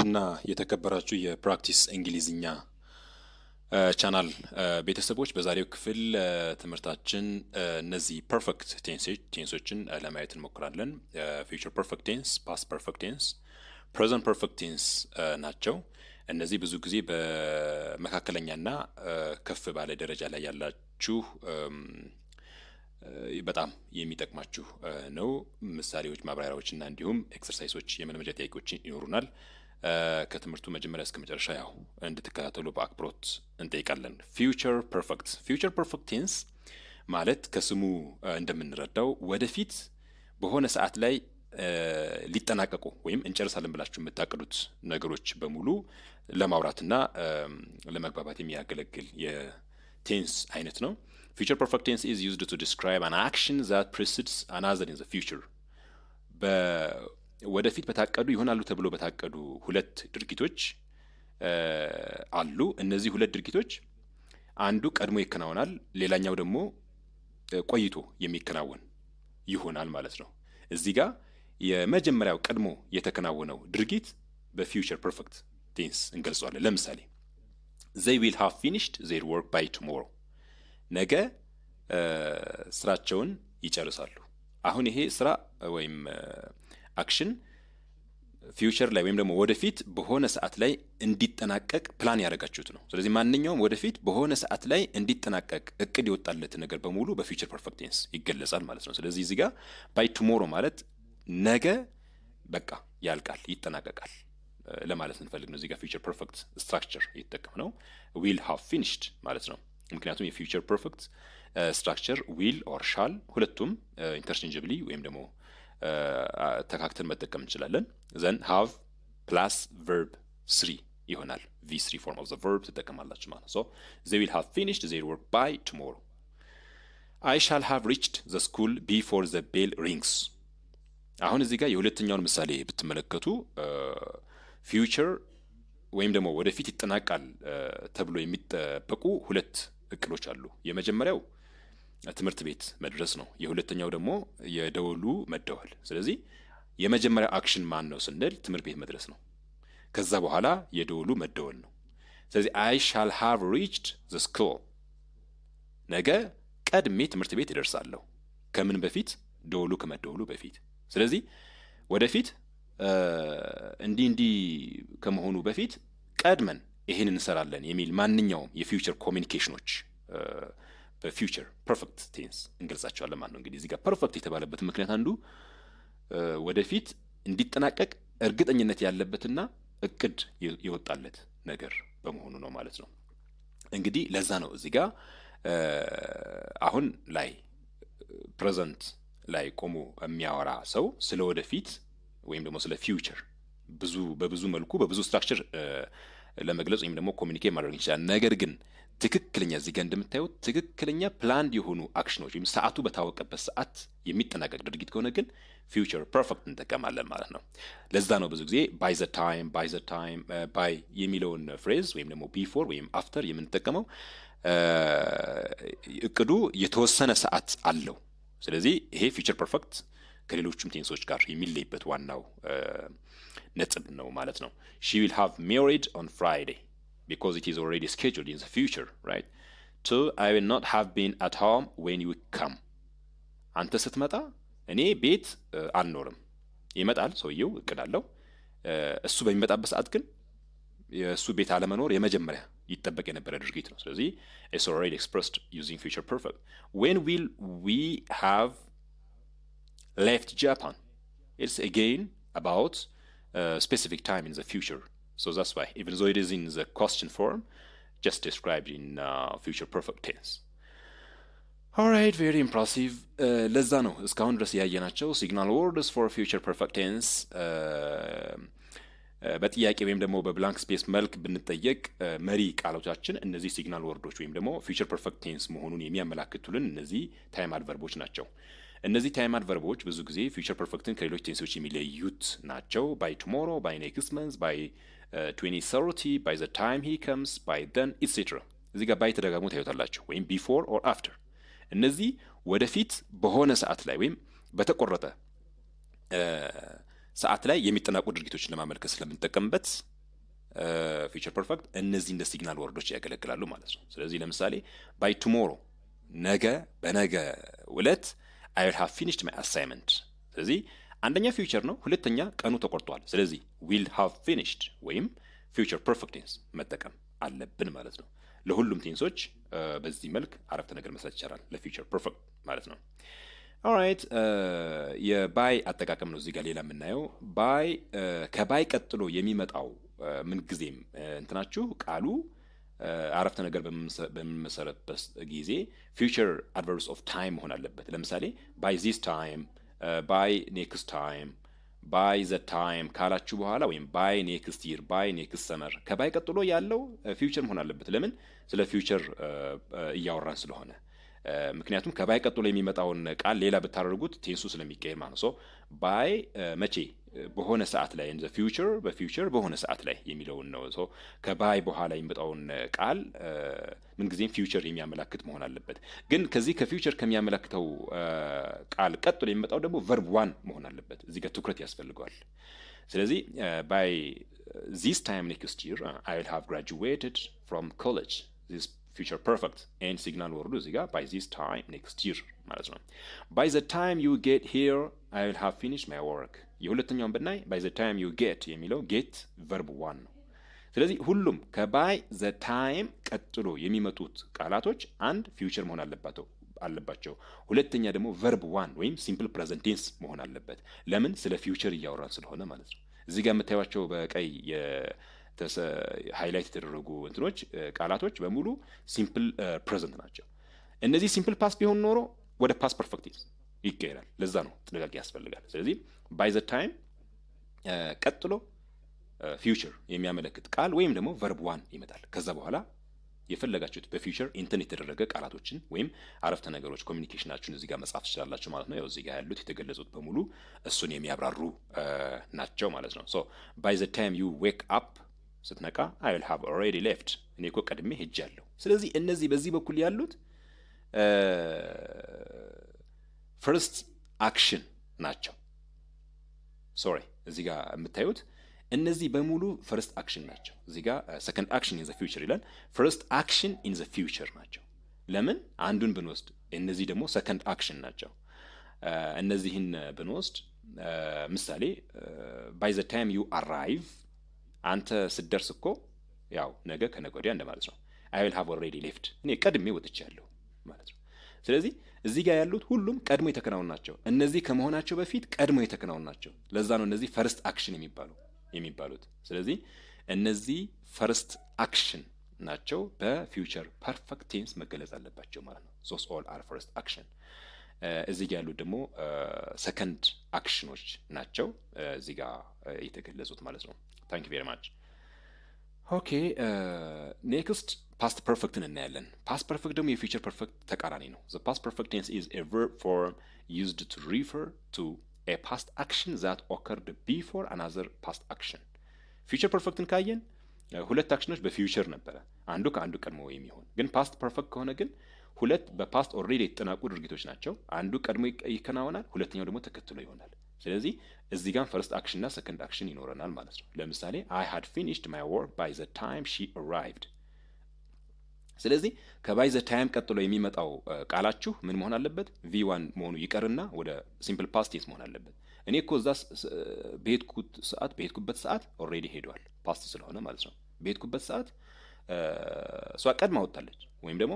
ድና የተከበራችሁ የፕራክቲስ እንግሊዝኛ ቻናል ቤተሰቦች በዛሬው ክፍል ትምህርታችን እነዚህ ፐርፌክት ቴንሶችን ለማየት እንሞክራለን። ፊውቸር ፐርፌክት ቴንስ፣ ፓስት ፐርፌክት ቴንስ፣ ፕሬዘንት ፐርፌክት ቴንስ ናቸው። እነዚህ ብዙ ጊዜ በመካከለኛና ከፍ ባለ ደረጃ ላይ ያላችሁ በጣም የሚጠቅማችሁ ነው። ምሳሌዎች፣ ማብራሪያዎችና እንዲሁም ኤክሰርሳይሶች የመለመጃ ጥያቄዎች ይኖሩናል። ከትምህርቱ መጀመሪያ እስከ መጨረሻ ያው እንድትከታተሉ በአክብሮት እንጠይቃለን። ፊውቸር ፐርፌክት ፊውቸር ፐርፌክት ቴንስ ማለት ከስሙ እንደምንረዳው ወደፊት በሆነ ሰዓት ላይ ሊጠናቀቁ ወይም እንጨርሳለን ብላችሁ የምታቅዱት ነገሮች በሙሉ ለማውራትና ለመግባባት የሚያገለግል የቴንስ አይነት ነው። ፊውቸር ፐርፌክት ቴንስ ኢዝ ዩዝድ ቱ ዲስክራይብ አን አክሽን ዛት ፕሪሲድስ አናዘር ኢን ዘ ፊውቸር ወደፊት በታቀዱ ይሆናሉ ተብሎ በታቀዱ ሁለት ድርጊቶች አሉ። እነዚህ ሁለት ድርጊቶች አንዱ ቀድሞ ይከናወናል፣ ሌላኛው ደግሞ ቆይቶ የሚከናወን ይሆናል ማለት ነው። እዚህ ጋር የመጀመሪያው ቀድሞ የተከናወነው ድርጊት በፊውቸር ፐርፌክት ቴንስ እንገልጸዋለን። ለምሳሌ ዘይ ዊል ሃቭ ፊኒሽድ ዜር ወርክ ባይ ቱሞሮ፣ ነገ ስራቸውን ይጨርሳሉ። አሁን ይሄ ስራ ወይም አክሽን ፊውቸር ላይ ወይም ደግሞ ወደፊት በሆነ ሰዓት ላይ እንዲጠናቀቅ ፕላን ያደረጋችሁት ነው። ስለዚህ ማንኛውም ወደፊት በሆነ ሰዓት ላይ እንዲጠናቀቅ እቅድ የወጣለት ነገር በሙሉ በፊውቸር ፐርፌክት ቴንስ ይገለጻል ማለት ነው። ስለዚህ እዚህ ጋር ባይ ቱሞሮ ማለት ነገ በቃ ያልቃል ይጠናቀቃል ለማለት እንፈልግ ነው። እዚህ ጋር ፊውቸር ፐርፌክት ስትራክቸር እየተጠቀም ነው። ዊል ሃቭ ፊኒሽድ ማለት ነው። ምክንያቱም የፊውቸር ፐርፌክት ስትራክቸር ዊል ኦር ሻል ሁለቱም ኢንተርቼንጅብሊ ወይም ደግሞ ተካክተን መጠቀም እንችላለን። ዘን ሃቭ ፕላስ ቨርብ ስሪ ይሆናል። ቪ ስሪ ፎርም ኦፍ ዘ ቨርብ ትጠቀማላችሁ ማለት ነው። ሶ ዊል ሃቭ ፊኒሽድ ዜር ወርክ ባይ ቱሞሮ። አይ ሻል ሃቭ ሪችድ ዘ ስኩል ቢፎር ዘ ቤል ሪንግስ። አሁን እዚህ ጋር የሁለተኛውን ምሳሌ ብትመለከቱ ፊውቸር ወይም ደግሞ ወደፊት ይጠናቃል ተብሎ የሚጠበቁ ሁለት እቅዶች አሉ። የመጀመሪያው ትምህርት ቤት መድረስ ነው። የሁለተኛው ደግሞ የደወሉ መደወል። ስለዚህ የመጀመሪያ አክሽን ማን ነው ስንል ትምህርት ቤት መድረስ ነው። ከዛ በኋላ የደወሉ መደወል ነው። ስለዚህ አይ ሻል ሃቭ ሪችድ ዘ ስኩል፣ ነገ ቀድሜ ትምህርት ቤት እደርሳለሁ። ከምን በፊት? ደወሉ ከመደወሉ በፊት። ስለዚህ ወደፊት እንዲህ እንዲህ ከመሆኑ በፊት ቀድመን ይህን እንሰራለን የሚል ማንኛውም የፊውቸር ኮሚኒኬሽኖች በፊውቸር ፐርፌክት ቴንስ እንገልጻቸዋለን ማለት ነው። እንግዲህ እዚህ ጋር ፐርፌክት የተባለበት ምክንያት አንዱ ወደፊት እንዲጠናቀቅ እርግጠኝነት ያለበትና እቅድ የወጣለት ነገር በመሆኑ ነው ማለት ነው። እንግዲህ ለዛ ነው እዚህ ጋር አሁን ላይ ፕሬዘንት ላይ ቆሞ የሚያወራ ሰው ስለ ወደፊት ወይም ደግሞ ስለ ፊውቸር ብዙ በብዙ መልኩ በብዙ ስትራክቸር ለመግለጽ ወይም ደግሞ ኮሚኒኬት ማድረግ ይችላል። ነገር ግን ትክክለኛ እዚህ ጋር እንደምታዩት ትክክለኛ ፕላንድ የሆኑ አክሽኖች ወይም ሰዓቱ በታወቀበት ሰዓት የሚጠናቀቅ ድርጊት ከሆነ ግን ፊውቸር ፐርፌክት እንጠቀማለን ማለት ነው። ለዛ ነው ብዙ ጊዜ ባይ ዘ ታይም ባይ ዘ ታይም ባይ የሚለውን ፍሬዝ ወይም ደግሞ ቢፎር ወይም አፍተር የምንጠቀመው uh, እቅዱ የተወሰነ ሰዓት አለው። ስለዚህ ይሄ ፊውቸር ፐርፌክት ከሌሎቹም ቴንሶች ጋር የሚለይበት ዋናው uh, ነጥብ ነው ማለት ነው። ሺ ዊል ሃቭ ሜሪድ ኦን ፍራይዴ because it is already scheduled in the future, right? Two, I will not have been at home when you come. አንተ ስትመጣ እኔ ቤት አልኖርም። ይመጣል ሰውየው እቅድ አለው። እሱ በሚመጣበት ሰዓት ግን የእሱ ቤት አለመኖር የመጀመሪያ ይጠበቅ የነበረ ድርጊት ነው። ስለዚህ ኢትስ ኦልሬዲ ኤክስፕረስድ ዩዚንግ ፊውቸር ፐርፌክት ዌን ዊል ዊ ሃቭ ሌፍት ጃፓን ኢትስ አጌን አባውት ስፔሲፊክ ታይም ኢን ዘ ፊውቸር So that's why, even though it is in the question form, just described in uh, future perfect tense. ኦራይት ቬሪ ኢምፕሬሲቭ። ለዛ ነው እስካሁን ድረስ ያየናቸው ሲግናል ወርድስ ፎር ፊውቸር ፐርፌክት ቴንስ በጥያቄ ወይም ደግሞ በብላንክ ስፔስ መልክ ብንጠየቅ መሪ ቃሎቻችን እነዚህ ሲግናል ወርዶች ወይም ደግሞ ፊውቸር ፐርፌክት ቴንስ መሆኑን የሚያመላክቱልን እነዚህ ታይም አድቨርቦች ናቸው። እነዚህ ታይም አድቨርቦች ብዙ ጊዜ ፊውቸር ፐርፌክትን ከሌሎች ቴንሶች የሚለዩት ናቸው። ባይ ቱሞሮ፣ ባይ ኔክስት መንዝ፣ ባይ 2030 uh, by the time he comes by then etc እዚህ ጋር ባይ ተደጋግሞ ታዩታላችሁ። ወይም ቢፎር ኦር አፍተር እነዚህ ወደፊት በሆነ ሰዓት ላይ ወይም በተቆረጠ uh, ሰዓት ላይ የሚጠናቁ ድርጊቶችን ለማመልከት ስለምንጠቀምበት ፊቸር uh, ፐርፌክት እነዚህ እንደ ሲግናል ወርዶች ያገለግላሉ ማለት ነው። ስለዚህ ለምሳሌ ባይ ቱሞሮ ነገ በነገ ዕለት አይ ዊል ሃቭ ፊኒሽድ ማይ አሳይመንት። ስለዚህ አንደኛ ፊውቸር ነው፣ ሁለተኛ ቀኑ ተቆርጧል። ስለዚህ ዊል ሃቭ ፊኒሽድ ወይም ፊውቸር ፐርፌክት ቴንስ መጠቀም አለብን ማለት ነው። ለሁሉም ቴንሶች በዚህ መልክ አረፍተ ነገር መስራት ይቻላል፣ ለፊውቸር ፐርፌክት ማለት ነው። ኦራይት የባይ አጠቃቀም ነው እዚህ ጋር ሌላ የምናየው ባይ። ከባይ ቀጥሎ የሚመጣው ምንጊዜም እንትናችሁ ቃሉ አረፍተ ነገር በምንመሰረበት ጊዜ ፊውቸር አድቨርስ ኦፍ ታይም መሆን አለበት። ለምሳሌ ባይ ዚስ ታይም ባይ ኔክስት ታይም ባይ ዘ ታይም ካላችሁ በኋላ ወይም ባይ ኔክስት ይር ባይ ኔክስት ሰመር ከባይ ቀጥሎ ያለው ፊውቸር uh, መሆን አለበት። ለምን? ስለ ፊውቸር uh, uh, እያወራን ስለሆነ። ምክንያቱም ከባይ ቀጥሎ የሚመጣውን ቃል ሌላ ብታደርጉት ቴንሱ ስለሚቀየር ማለት ነው። ባይ መቼ በሆነ ሰዓት ላይ ዘ ፊውቸር በፊውቸር በሆነ ሰዓት ላይ የሚለውን ነው። ሶ ከባይ በኋላ የሚመጣውን ቃል ምንጊዜም ፊውቸር የሚያመላክት መሆን አለበት። ግን ከዚህ ከፊውቸር ከሚያመላክተው ቃል ቀጥሎ የሚመጣው ደግሞ ቨርብ ዋን መሆን አለበት። እዚህ ጋር ትኩረት ያስፈልገዋል። ስለዚህ ባይ ዚስ ታይም ኔክስት ይር አይ ዊል ሃቭ ግራጁዌትድ ፍሮም ኮሌጅ ዚስ ፊውቸር ፐርፌክት ኤንድ ሲግናል ወርዱ እዚህ ጋር ባይ ዚስ ታይም ኔክስት ይር ማለት ነው። ባይ ዘ ታይም ዩ ጌት ሂር አይ ዊል ሃቭ ፊኒሽድ ማይ ወርክ የሁለተኛውን ብናይ ባይ ዘ ታይም ዩ ጌት የሚለው ጌት ቨርብ ዋን ነው። ስለዚህ ሁሉም ከባይ ዘ ታይም ቀጥሎ የሚመጡት ቃላቶች አንድ ፊውቸር መሆን አለባቸው አለባቸው ሁለተኛ ደግሞ ቨርብ ዋን ወይም ሲምፕል ፕሬዘንት ቴንስ መሆን አለበት። ለምን? ስለ ፊውቸር እያወራን ስለሆነ ማለት ነው። እዚህ ጋር የምታዩቸው በቀይ ሃይላይት የተደረጉ እንትኖች ቃላቶች በሙሉ ሲምፕል ፕሬዘንት ናቸው። እነዚህ ሲምፕል ፓስ ቢሆን ኖሮ ወደ ፓስ ፐርፌክት ይካሄዳል። ለዛ ነው ጥንቃቄ ያስፈልጋል። ስለዚህ ባይ ዘ ታይም ቀጥሎ ፊውቸር የሚያመለክት ቃል ወይም ደግሞ ቨርብ ዋን ይመጣል። ከዛ በኋላ የፈለጋችሁት በፊውቸር ኢንተን የተደረገ ቃላቶችን ወይም አረፍተ ነገሮች ኮሚኒኬሽናችሁን እዚህ ጋር መጻፍ ትችላላችሁ ማለት ነው። ያው እዚህ ጋር ያሉት የተገለጹት በሙሉ እሱን የሚያብራሩ ናቸው ማለት ነው። ሶ ባይ ዘ ታይም ዩ ዌክ አፕ ስትነቃ አይ ዊል ሃቭ ኦልሬዲ ሌፍት እኔ እኮ ቀድሜ ሄጃለሁ። ስለዚህ እነዚህ በዚህ በኩል ያሉት ፈርስት አክሽን ናቸው። ሶሪ እዚህ ጋር የምታዩት እነዚህ በሙሉ ፍርስት አክሽን ናቸው። እዚህ ጋር ሰከንድ አክሽን ኢን ዘ ፊውቸር ይላል። ፈርስት አክሽን ኢን ዘ ፊውቸር ናቸው። ለምን አንዱን ብንወስድ፣ እነዚህ ደግሞ ሰከንድ አክሽን ናቸው። uh, እነዚህን ብንወስድ uh, ምሳሌ ባይ ዘ ታይም ዩ አራይቭ አንተ ስትደርስ እኮ ያው ነገ ከነገ ወዲያ እንደማለት ነው። አይ ዊል ሃቭ ኦልሬዲ ሌፍት እኔ ቀድሜ ወጥቻለሁ ማለት ነው። ስለዚህ እዚህ ጋር ያሉት ሁሉም ቀድሞ የተከናውን ናቸው። እነዚህ ከመሆናቸው በፊት ቀድሞ የተከናውን ናቸው። ለዛ ነው እነዚህ ፈርስት አክሽን የሚባለው የሚባሉት። ስለዚህ እነዚህ ፈርስት አክሽን ናቸው። በፊውቸር ፐርፌክት ቴንስ መገለጽ አለባቸው ማለት ነው። ሶስት ኦል አር ፈርስት አክሽን። እዚህ ጋር ያሉት ደግሞ ሰከንድ አክሽኖች ናቸው እዚህ ጋር የተገለጹት ማለት ነው። ታንክ ቬሪ ማች ኦኬ ኔክስት ፓስት ፐርፌክትን እናያለን። ፓስት ፐርፌክት ደግሞ የፊቸር ፐርፌክት ተቃራኒ ነው። ዘ ፓስት ፐርፌክት ቴንስ ኢዝ ኤ ቨርብ ፎርም ዩዝድ ቱ ሪፈር ቱ ኤ ፓስት አክሽን ዛት ኦከርድ ቢፎር አናዘር ፓስት አክሽን። ፊቸር ፐርፌክትን ካየን uh, ሁለት አክሽኖች በፊውቸር ነበረ፣ አንዱ ከአንዱ ቀድሞ የሚሆን ግን ፓስት ፐርፌክት ከሆነ ግን ሁለት በፓስት ኦልሬዲ የተጠናቁ ድርጊቶች ናቸው። አንዱ ቀድሞ ይከናወናል፣ ሁለተኛው ደግሞ ተከትሎ ይሆናል። ስለዚህ እዚህ ጋር ፈርስት አክሽንና ሰከንድ አክሽን ይኖረናል ማለት ነው። ለምሳሌ አይ ሃድ ፊኒሽድ ማይ ወርክ ባይ ዘ ታይም ሺ አራይቭድ ስለዚህ ከባይ ዘ ታይም ቀጥሎ የሚመጣው ቃላችሁ ምን መሆን አለበት? ቪ ዋን መሆኑ ይቀርና ወደ ሲምፕል ፓስቴንስ መሆን አለበት። እኔ እኮ እዛ በሄድኩት ሰዓት በሄድኩበት ሰዓት ኦልሬዲ ሄዷል፣ ፓስት ስለሆነ ማለት ነው። በሄድኩበት ሰዓት እሷ ቀድማ ወጣለች፣ ወይም ደግሞ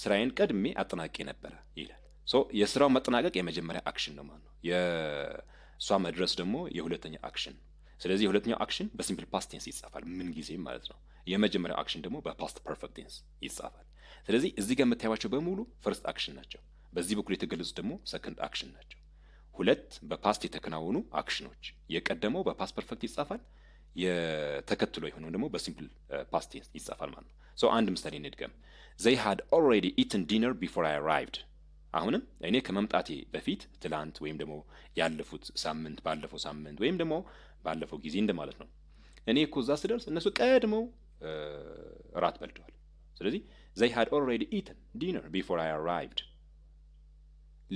ስራዬን ቀድሜ አጠናቄ ነበረ ይላል። ሶ የስራው መጠናቀቅ የመጀመሪያ አክሽን ነው ማለት ነው። የእሷ መድረስ ደግሞ የሁለተኛ አክሽን ስለዚህ የሁለተኛው አክሽን በሲምፕል ፓስት ቴንስ ይጻፋል፣ ምን ጊዜም ማለት ነው። የመጀመሪያው አክሽን ደግሞ በፓስት ፐርፌክት ቴንስ ይጻፋል። ስለዚህ እዚህ ጋር የምታያቸው በሙሉ ፈርስት አክሽን ናቸው። በዚህ በኩል የተገለጹት ደግሞ ሰከንድ አክሽን ናቸው። ሁለት በፓስት የተከናወኑ አክሽኖች፣ የቀደመው በፓስት ፐርፌክት ይጻፋል፣ የተከትሎ የሆነው ደግሞ በሲምፕል ፓስት ቴንስ ይጻፋል ማለት ነው። ሶ አንድ ምሳሌ እንድገም። ዘይ ሃድ ኦልሬዲ ኢትን ዲነር ቢፎር አይ አራይቭድ አሁንም እኔ ከመምጣቴ በፊት ትላንት ወይም ደግሞ ያለፉት ሳምንት ባለፈው ሳምንት ወይም ደግሞ ባለፈው ጊዜ እንደማለት ነው። እኔ እኮ እዛ ስደርስ እነሱ ቀድመው እራት በልተዋል። ስለዚህ ዘይ ሃድ ኦልሬዲ ኢተን ዲነር ቢፎር አይ አራይቭድ።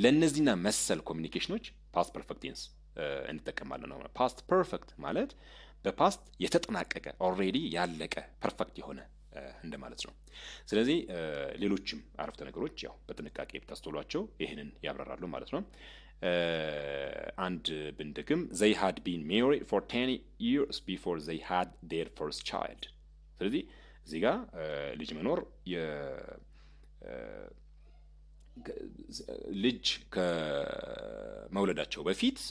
ለእነዚህና መሰል ኮሚኒኬሽኖች ፓስት ፐርፌክት ቴንስ እንጠቀማለን ነው። ፓስት ፐርፌክት ማለት በፓስት የተጠናቀቀ ኦልሬዲ ያለቀ ፐርፌክት የሆነ እንደማለት ነው። ስለዚህ ሌሎችም አረፍተ ነገሮች ያው በጥንቃቄ ብታስተውሏቸው ይህንን ያብራራሉ ማለት ነው። አንድ ብንድግም ዘይ ሃድ ቢን ሜሪ ፎር ቴን ይርስ ቢፎር ዘይ ሃድ ዴር ፈርስት ቻይልድ። ስለዚህ እዚህ ጋ ልጅ መኖር ልጅ ከመውለዳቸው በፊት uh,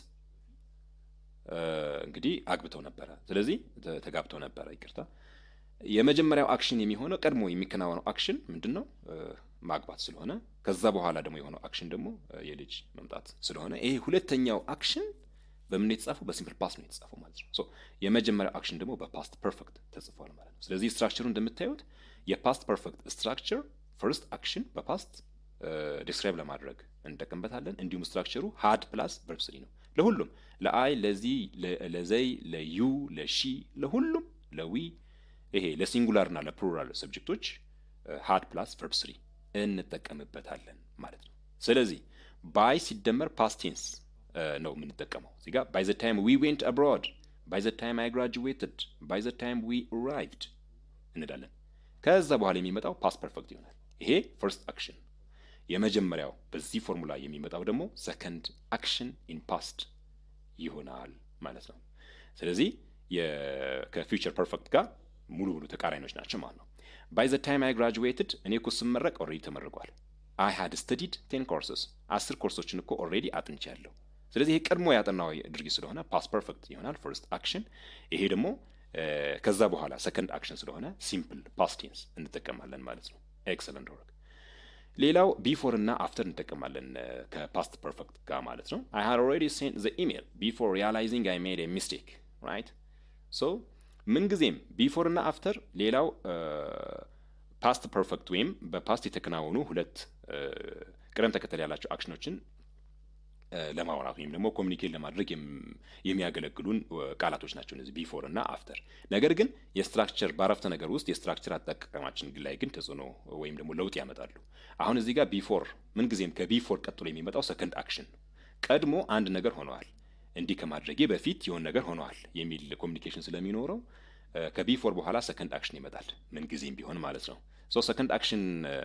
እንግዲህ አግብተው ነበረ። ስለዚህ ተጋብተው ነበረ። ይቅርታ። የመጀመሪያው አክሽን የሚሆነው ቀድሞ የሚከናወነው አክሽን ምንድን ነው? Uh, ማግባት ስለሆነ ከዛ በኋላ ደግሞ የሆነው አክሽን ደግሞ የልጅ መምጣት ስለሆነ ይሄ ሁለተኛው አክሽን በምን የተጻፈው በሲምፕል ፓስት ነው የተጻፈው ማለት ነው። የመጀመሪያው አክሽን ደግሞ በፓስት ፐርፌክት ተጽፏል ማለት ነው። ስለዚህ ስትራክቸሩ እንደምታዩት የፓስት ፐርፌክት ስትራክቸር ፈርስት አክሽን በፓስት ዲስክራይብ ለማድረግ እንጠቀምበታለን። እንዲሁም ስትራክቸሩ ሃድ ፕላስ ቨርብ ስሪ ነው ለሁሉም ለአይ፣ ለዚህ፣ ለዘይ፣ ለዩ፣ ለሺ፣ ለሁሉም ለዊ ይሄ ለሲንጉላር ለፕሉራል ሰብጀክቶች ሃድ ፕላስ ቨርብ ስሪ እንጠቀምበታለን ማለት ነው። ስለዚህ ባይ ሲደመር ፓስቴንስ ነው የምንጠቀመው። እዚህ ጋር ባይ ዘ ታይም ዊ ዌንት አብሮድ፣ ባይ ዘ ታይም አይ ግራጁዌትድ፣ ባይ ዘ ታይም ዊ ራይቭድ እንዳለን። ከዛ በኋላ የሚመጣው ፓስ ፐርፌክት ይሆናል። ይሄ ፈርስት አክሽን። የመጀመሪያው በዚህ ፎርሙላ የሚመጣው ደግሞ ሰከንድ አክሽን ኢን ፓስት ይሆናል ማለት ነው። ስለዚህ ከፊውቸር ፐርፌክት ጋር ሙሉ ሙሉ ተቃራኒዎች ናቸው ማለት ነው። ባይ ዘ ታይም አይ ግራጁዌትድ እኔ እኮ ስመረቅ ኦልሬዲ ተመርቋል። አይ ሃድ ስተዲድ ቴን ኮርሰስ አስር ኮርሶችን እኮ ኦልሬዲ አጥንቻለሁ። ስለዚህ ይሄ ቀድሞ ያጠናው ድርጊት ስለሆነ ፓስ ፐርፌክት ይሆናል ፈርስት አክሽን። ይሄ ደግሞ ከዛ በኋላ ሰከንድ አክሽን ስለሆነ ሲምፕል ፓስቴንስ እንጠቀማለን ማለት ነው። ኤክሰለንት ወርክ። ሌላው ቢፎር እና አፍተር እንጠቀማለን ከፓስት ፐርፌክት ጋር ማለት ነው። አይ ሃድ ኦልሬዲ ሴንት ዘ ኢሜል ቢፎር ሪያላይዚንግ አይ ሜድ ኤ ሚስቴክ ራይት ሶ ምንጊዜም ቢፎር እና አፍተር ሌላው ፓስት ፐርፌክት ወይም በፓስት የተከናወኑ ሁለት ቅደም ተከተል ያላቸው አክሽኖችን ለማውራት ወይም ደግሞ ኮሚኒኬት ለማድረግ የሚያገለግሉን ቃላቶች ናቸው እነዚህ ቢፎር እና አፍተር። ነገር ግን የስትራክቸር በአረፍተ ነገር ውስጥ የስትራክቸር አጠቃቀማችን ላይ ግን ተጽዕኖ ወይም ደግሞ ለውጥ ያመጣሉ። አሁን እዚህ ጋር ቢፎር ምንጊዜም ከቢፎር ቀጥሎ የሚመጣው ሰከንድ አክሽን ቀድሞ አንድ ነገር ሆነዋል። እንዲህ ከማድረጌ በፊት የሆን ነገር ሆነዋል የሚል ኮሚኒኬሽን ስለሚኖረው ከቢፎር በኋላ ሰከንድ አክሽን ይመጣል፣ ምንጊዜም ቢሆን ማለት ነው። ሶ ሰከንድ አክሽን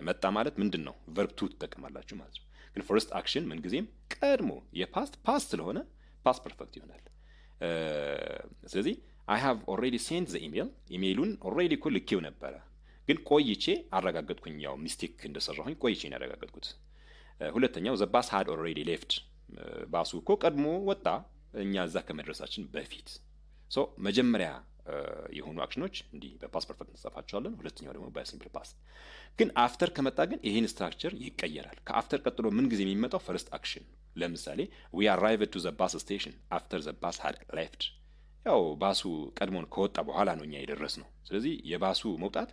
መጣ ማለት ምንድን ነው? ቨርብ ቱ ትጠቀማላችሁ ማለት ነው። ግን ፈርስት አክሽን ምንጊዜም ቀድሞ የፓስት ፓስት ስለሆነ ፓስት ፐርፌክት ይሆናል። ስለዚህ አይ ሃቭ ኦልሬዲ ሴንት ዘ ኢሜይል፣ ኢሜይሉን ኦልሬዲ እኮ ልኬው ነበረ፣ ግን ቆይቼ አረጋገጥኩኝ። ያው ሚስቴክ እንደሰራሁኝ ቆይቼ ያረጋገጥኩት። ሁለተኛው ዘ ባስ ሃድ ኦልሬዲ ሌፍት፣ ባሱ እኮ ቀድሞ ወጣ እኛ እዛ ከመድረሳችን በፊት ሶ መጀመሪያ የሆኑ አክሽኖች እንዲህ በፓስ ፐርፌክት እንጽፋቸዋለን። ሁለተኛው ደግሞ በሲምፕል ፓስ ግን አፍተር ከመጣ ግን ይህን ስትራክቸር ይቀየራል። ከአፍተር ቀጥሎ ምን ጊዜ የሚመጣው ፈርስት አክሽን። ለምሳሌ ዊ አራይቭድ ቱ ዘ ባስ ስቴሽን አፍተር ዘ ባስ ሀድ ሌፍት። ያው ባሱ ቀድሞን ከወጣ በኋላ ነው እኛ የደረስ ነው። ስለዚህ የባሱ መውጣት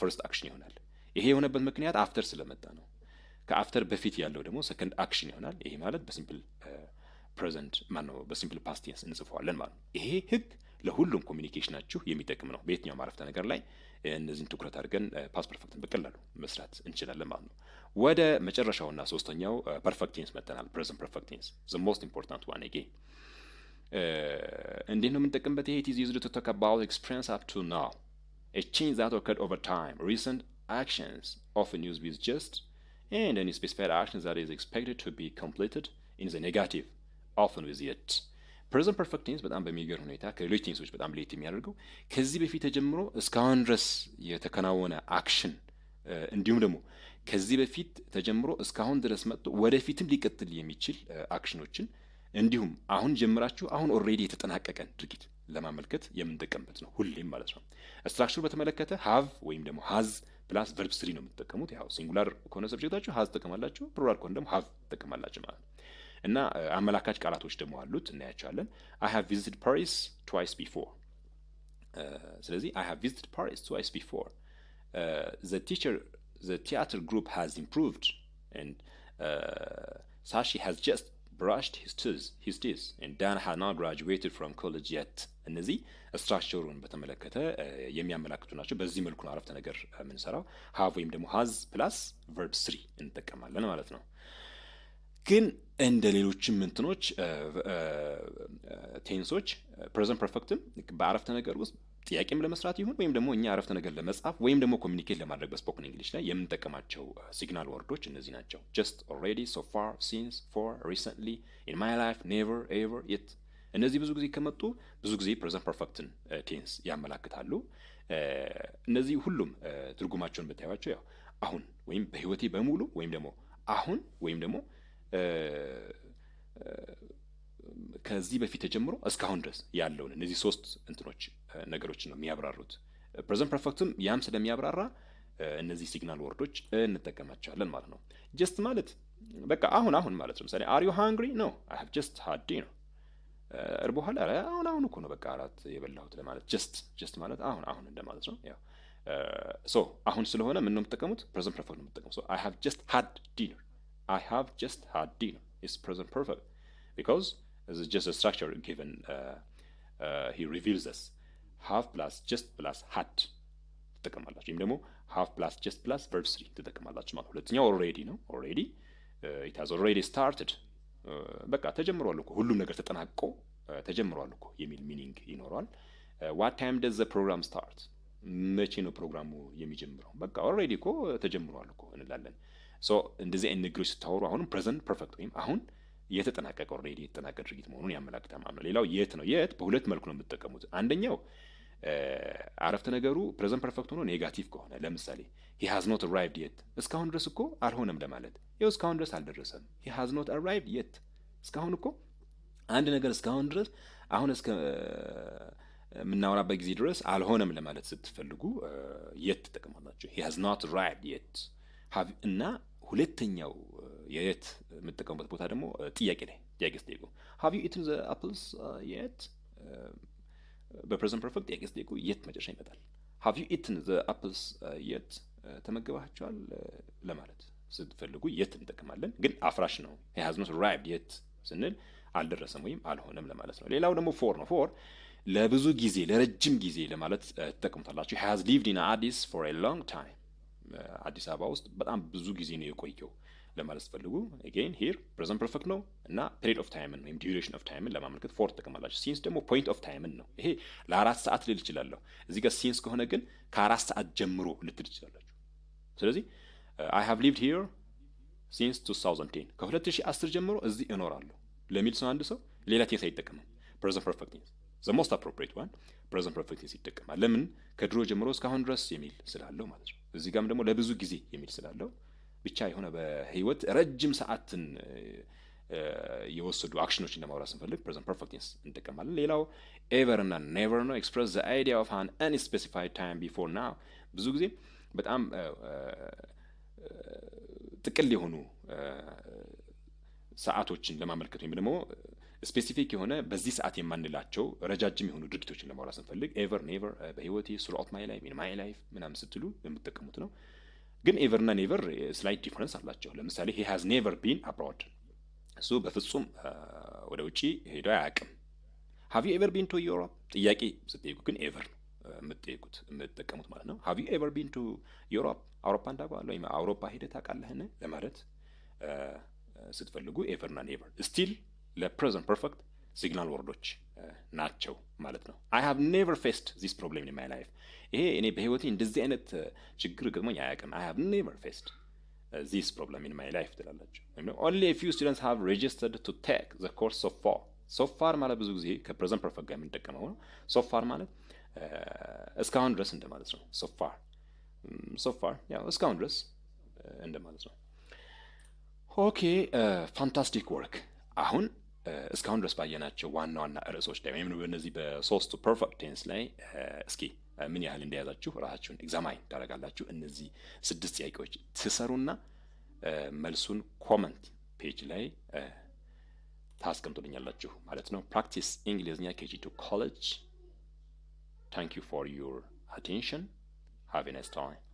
ፈርስት አክሽን ይሆናል። ይሄ የሆነበት ምክንያት አፍተር ስለመጣ ነው። ከአፍተር በፊት ያለው ደግሞ ሰከንድ አክሽን ይሆናል። ይሄ ማለት በሲምፕል ፕሬዘንት ማነው በሲምፕል ፓስቴንስ እንጽፈዋለን ማለት ነው። ይሄ ህግ ለሁሉም ኮሚኒኬሽናችሁ የሚጠቅም ነው። በየትኛውም አረፍተ ነገር ላይ እነዚህን ትኩረት አድርገን ፓስት ፐርፌክትን በቀላሉ መስራት እንችላለን ማለት ነው። ወደ መጨረሻውና ሶስተኛው ፐርፌክቴንስ መጠናል። ፕሬዘንት ፐርፌክቴንስ ዘ ሞስት ኢምፖርታንት ዋን ጌ እንዴት ነው የምንጠቅምበት? ይሄ ቲዝ ዩዝድ ቱ ቶክ አባውት ኤክስፒሪንስ አፕ ቱ ናው ኤ ቼንጅ ዛት ኦከርድ ኦቨር ታይም ሪሰንት actions often used with just and any specified action that is expected to be completed in the negative ኦፍን ዊዝ ፕሬዘንት ፐርፌክት ቴንስ በጣም በሚገርም ሁኔታ ከሌሎች ቴንሶች በጣም ለየት የሚያደርገው ከዚህ በፊት ተጀምሮ እስካሁን ድረስ የተከናወነ አክሽን እንዲሁም ደግሞ ከዚህ በፊት ተጀምሮ እስካሁን ድረስ መጥቶ ወደፊትም ሊቀጥል የሚችል አክሽኖችን እንዲሁም አሁን ጀምራችሁ አሁን ኦልሬዲ የተጠናቀቀን ድርጊት ለማመልከት የምንጠቀምበት ነው፣ ሁሌም ማለት ነው። ስትራክቸሩ በተመለከተ ሀቭ ወይም ደግሞ ሀዝ ፕላስ ቨርብ ስሪ ነው የምትጠቀሙት። ያው ሲንጉላር ከሆነ ሰብጀክታችሁ ሀዝ ትጠቀማላችሁ፣ ፕሉራል ከሆነ ደግሞ ሀቭ ትጠቀማላችሁ ማለት ነው። እና አመላካች ቃላቶች ደግሞ አሉት እናያቸዋለን። አይ ሃቭ ቪዚትድ ፓሪስ ትዋይስ ቢፎር። ስለዚህ አይ ሃቭ ቪዚትድ ፓሪስ ትዋይስ ቢፎር ዘ ቲቸር ዘ ቲያትር ግሩፕ ሃዝ ኢምፕሩቭድ ኤንድ ሳሺ ሃዝ ጀስት ብራሽድ ሂዝ ቲዝ ኤንድ ዳን ሃዝ ናት ግራጁዌትድ ፍሮም ኮሌጅ የት። እነዚህ ስትራክቸሩን በተመለከተ የሚያመላክቱ ናቸው። በዚህ መልኩ ነው አረፍተ ነገር የምንሰራው። ሃቭ ወይም ደግሞ ሃዝ ፕላስ ቨርብ ስሪ እንጠቀማለን ማለት ነው። ግን እንደ ሌሎችም ምንትኖች ቴንሶች ፕሬዘንት ፐርፌክትም በአረፍተ ነገር ውስጥ ጥያቄም ለመስራት ይሁን ወይም ደግሞ እኛ አረፍተ ነገር ለመጻፍ ወይም ደግሞ ኮሚኒኬት ለማድረግ በስፖክን እንግሊሽ ላይ የምንጠቀማቸው ሲግናል ወርዶች እነዚህ ናቸው። ጀስት፣ ኦልሬዲ፣ ሶ ፋር፣ ሲንስ፣ ፎር፣ ሪሰንትሊ፣ ኢን ማይ ላይፍ፣ ኔቨር፣ ኤቨር፣ የት። እነዚህ ብዙ ጊዜ ከመጡ ብዙ ጊዜ ፕሬዘንት ፐርፌክትን ቴንስ ያመላክታሉ። እነዚህ ሁሉም ትርጉማቸውን ብታዩቸው ያው አሁን ወይም በህይወቴ በሙሉ ወይም ደግሞ አሁን ወይም ደግሞ ከዚህ በፊት ተጀምሮ እስካሁን ድረስ ያለውን እነዚህ ሶስት እንትኖች ነገሮች ነው የሚያብራሩት። ፕሬዘንት ፐርፌክቱም ያም ስለሚያብራራ እነዚህ ሲግናል ወርዶች እንጠቀማቸዋለን ማለት ነው። ጀስት ማለት በቃ አሁን አሁን ማለት ለምሳሌ አር ዩ ሃንግሪ ነው አይ ሃቭ ጀስት ሃድ ነው። እርቦሃል? ኧረ አሁን አሁን እኮ ነው በቃ አራት የበላሁት ለማለት ጀስት ጀስት ማለት አሁን አሁን እንደማለት ነው። ያው ሶ አሁን ስለሆነ ምን ነው የምትጠቀሙት? ፕሬዘንት ፐርፌክት ነው የምትጠቀሙት። ሶ አይ ሃቭ ጀስት ሃድ ዲነር I have just had dinner is present perfect because this is just a structure given. Uh, uh, he reveals this have plus just plus had ትጠቀማላችሁ ወይም ደግሞ ሃፍ ፕላስ ጀስት ፕላስ ቨርብ ስሪ ትጠቀማላችሁ ማለት ሁለተኛው ኦልሬዲ ነው ኦልሬዲ ኢት ሃዝ ኦልሬዲ ስታርትድ በቃ ተጀምሯል እኮ ሁሉም ነገር ተጠናቆ ተጀምሯል እኮ የሚል ሚኒንግ ይኖረዋል ዋት ታይም ደዝ ፕሮግራም ስታርት መቼ ነው ፕሮግራሙ የሚጀምረው በቃ ኦልሬዲ እኮ ተጀምሯል እኮ እንላለን እንደዚህ አይነት ነገሮች ስታወሩ አሁንም ፕሬዘንት ፐርፌክት ወይም አሁን የተጠናቀቀ ኦልሬዲ የተጠናቀቀ ድርጊት መሆኑን ያመላክታል ማለት ነው። ሌላው የት ነው? የት በሁለት መልኩ ነው የምትጠቀሙት። አንደኛው አረፍተ ነገሩ ፕሬዘንት ፐርፌክት ሆኖ ኔጋቲቭ ከሆነ ለምሳሌ ሂ ሃዝ ኖት አራይቭድ የት፣ እስካሁን ድረስ እኮ አልሆነም ለማለት ይኸው፣ እስካሁን ድረስ አልደረሰም። ሂ ሃዝ ኖት አራይቭድ የት፣ እስካሁን እኮ አንድ ነገር እስካሁን ድረስ አሁን እስከ የምናወራበት ጊዜ ድረስ አልሆነም ለማለት ስትፈልጉ የት ትጠቅማላችሁ። ሂ ሃዝ ኖት አራይቭድ የት እና ሁለተኛው uh, የት የምጠቀሙበት ቦታ ደግሞ uh, ጥያቄ ላይ ጥያቄ ስጠይቁ ሀቭ ዩ ኢትን ዘ አፕልስ የት በፕሬዘንት ፐርፌክት ጥያቄ ስጠይቁ የት መጨረሻ ይመጣል። ሀቭ ዩ ኢትን ዘ አፕልስ የት ተመግባቸዋል ለማለት ስትፈልጉ የት እንጠቀማለን። ግን አፍራሽ ነው የሀዝኖት ራይቭ የት ስንል አልደረሰም ወይም አልሆነም ለማለት ነው። ሌላው ደግሞ ፎር ነው። ፎር ለብዙ ጊዜ ለረጅም ጊዜ ለማለት uh, ትጠቀሙታላችሁ። ሀዝ ሊቭድ ኢን አዲስ ፎር ኤ ሎንግ ታይም አዲስ አበባ ውስጥ በጣም ብዙ ጊዜ ነው የቆየው ለማለት ስትፈልጉ አጌን ሂር ፕሬዘንት ፐርፌክት ነው እና ፔሪድ ኦፍ ታይምን ወይም ዲዩሬሽን ኦፍ ታይምን ለማመልከት ፎር ትጠቀማላችሁ። ሲንስ ደግሞ ፖይንት ኦፍ ታይምን ነው። ይሄ ለአራት ሰዓት ልል እችላለሁ። እዚህ ጋር ሲንስ ከሆነ ግን ከአራት ሰዓት ጀምሮ ልትል ትችላላችሁ። ስለዚህ አይ ሃቭ ሊቭድ ሂር ሲንስ 2010 ከ2010 ጀምሮ እዚህ እኖራለሁ ለሚል ሰው አንድ ሰው ሌላ ቴንስ አይጠቀምም። ፕሬዘንት ፐርፌክት ዘ ሞስት አፕሮፕሪየት ዋን ፕሬዘንት ፐርፌክት ይጠቀማል። ለምን ከድሮ ጀምሮ እስካሁን ድረስ የሚል ስላለው ማለት ነው። እዚህ ጋም ደግሞ ለብዙ ጊዜ የሚል ስላለው ብቻ የሆነ በህይወት ረጅም ሰዓትን የወሰዱ አክሽኖችን ለማውራት ስንፈልግ ፕሬዘንት ፐርፌክትስ እንጠቀማለን። ሌላው ኤቨር እና ኔቨር ነው። ኤክስፕረስ ዘ አይዲያ ኦፍ አን አንስፔሲፋይድ ታይም ቢፎር ናው ብዙ ጊዜ በጣም ጥቅል የሆኑ ሰዓቶችን ለማመልከት ወይም ደግሞ ስፔሲፊክ የሆነ በዚህ ሰዓት የማንላቸው ረጃጅም የሆኑ ድርጊቶችን ለማውራት ስንፈልግ ኤቨር ኔቨር፣ በህይወቴ ስሩአት ማይ ላይፍ፣ ማይ ላይፍ ምናምን ስትሉ የምጠቀሙት ነው። ግን ኤቨር እና ኔቨር ስላይት ዲፈረንስ አላቸው። ለምሳሌ ሂ ሃዝ ኔቨር ቢን አብሮድ፣ እሱ በፍጹም ወደ ውጭ ሄዶ አያውቅም። ሃቭ ዩ ኤቨር ቢን ቱ ዩሮፕ፣ ጥያቄ ስትጠይቁ ግን ኤቨር የምትጠይቁት የምትጠቀሙት ማለት ነው። ሃቭ ዩ ኤቨር ቢን ቱ ዩሮፕ፣ አውሮፓ እንዳባለ ወይም አውሮፓ ሄደህ ታውቃለህን ለማለት ስትፈልጉ ኤቨር እና ኔቨር ስቲል ለፕሬዘንት ፐርፌክት ሲግናል ወርዶች ናቸው ማለት ነው። አይ ሃቭ ኔቨር ፌስድ ዚስ ፕሮብሌም ኢን ማይ ላይፍ። ይሄ እኔ በህይወቴ እንደዚህ አይነት ችግር ገጥሞኝ አያውቅም። አይ ሃቭ ኔቨር ፌስድ ዚስ ፕሮብለም ኢን ማይ ላይፍ ትላላችሁ። ኦንሊ ፊው ስቱደንትስ ሃቭ ሬጅስተርድ ቱ ቴክ ዘ ኮርስ ሶ ፋር። ሶ ፋር ማለት ብዙ ጊዜ ከፕሬዘንት ፐርፌክት ጋር የምንጠቀመው ነው። ሶ ፋር ማለት እስካሁን ድረስ እንደማለት ነው። ሶ ፋር ሶ ፋር ያው እስካሁን ድረስ እንደማለት ነው። ኦኬ ፋንታስቲክ ወርክ አሁን እስካሁን ድረስ ባየናቸው ዋና ዋና ርዕሶች ላይ ወይም በእነዚህ በሶስቱ ፐርፌክት ቴንስ ላይ እስኪ ምን ያህል እንደያዛችሁ ራሳችሁን ኤግዛማይን ታደርጋላችሁ። እነዚህ ስድስት ጥያቄዎች ትሰሩና መልሱን ኮመንት ፔጅ ላይ ታስቀምጡልኛላችሁ ማለት ነው። ፕራክቲስ እንግሊዝኛ ኬጂ ቱ ኮሌጅ ታንክ ዩ ፎር ዩር አቴንሽን ሃቭ ኤ ናይስ ታይም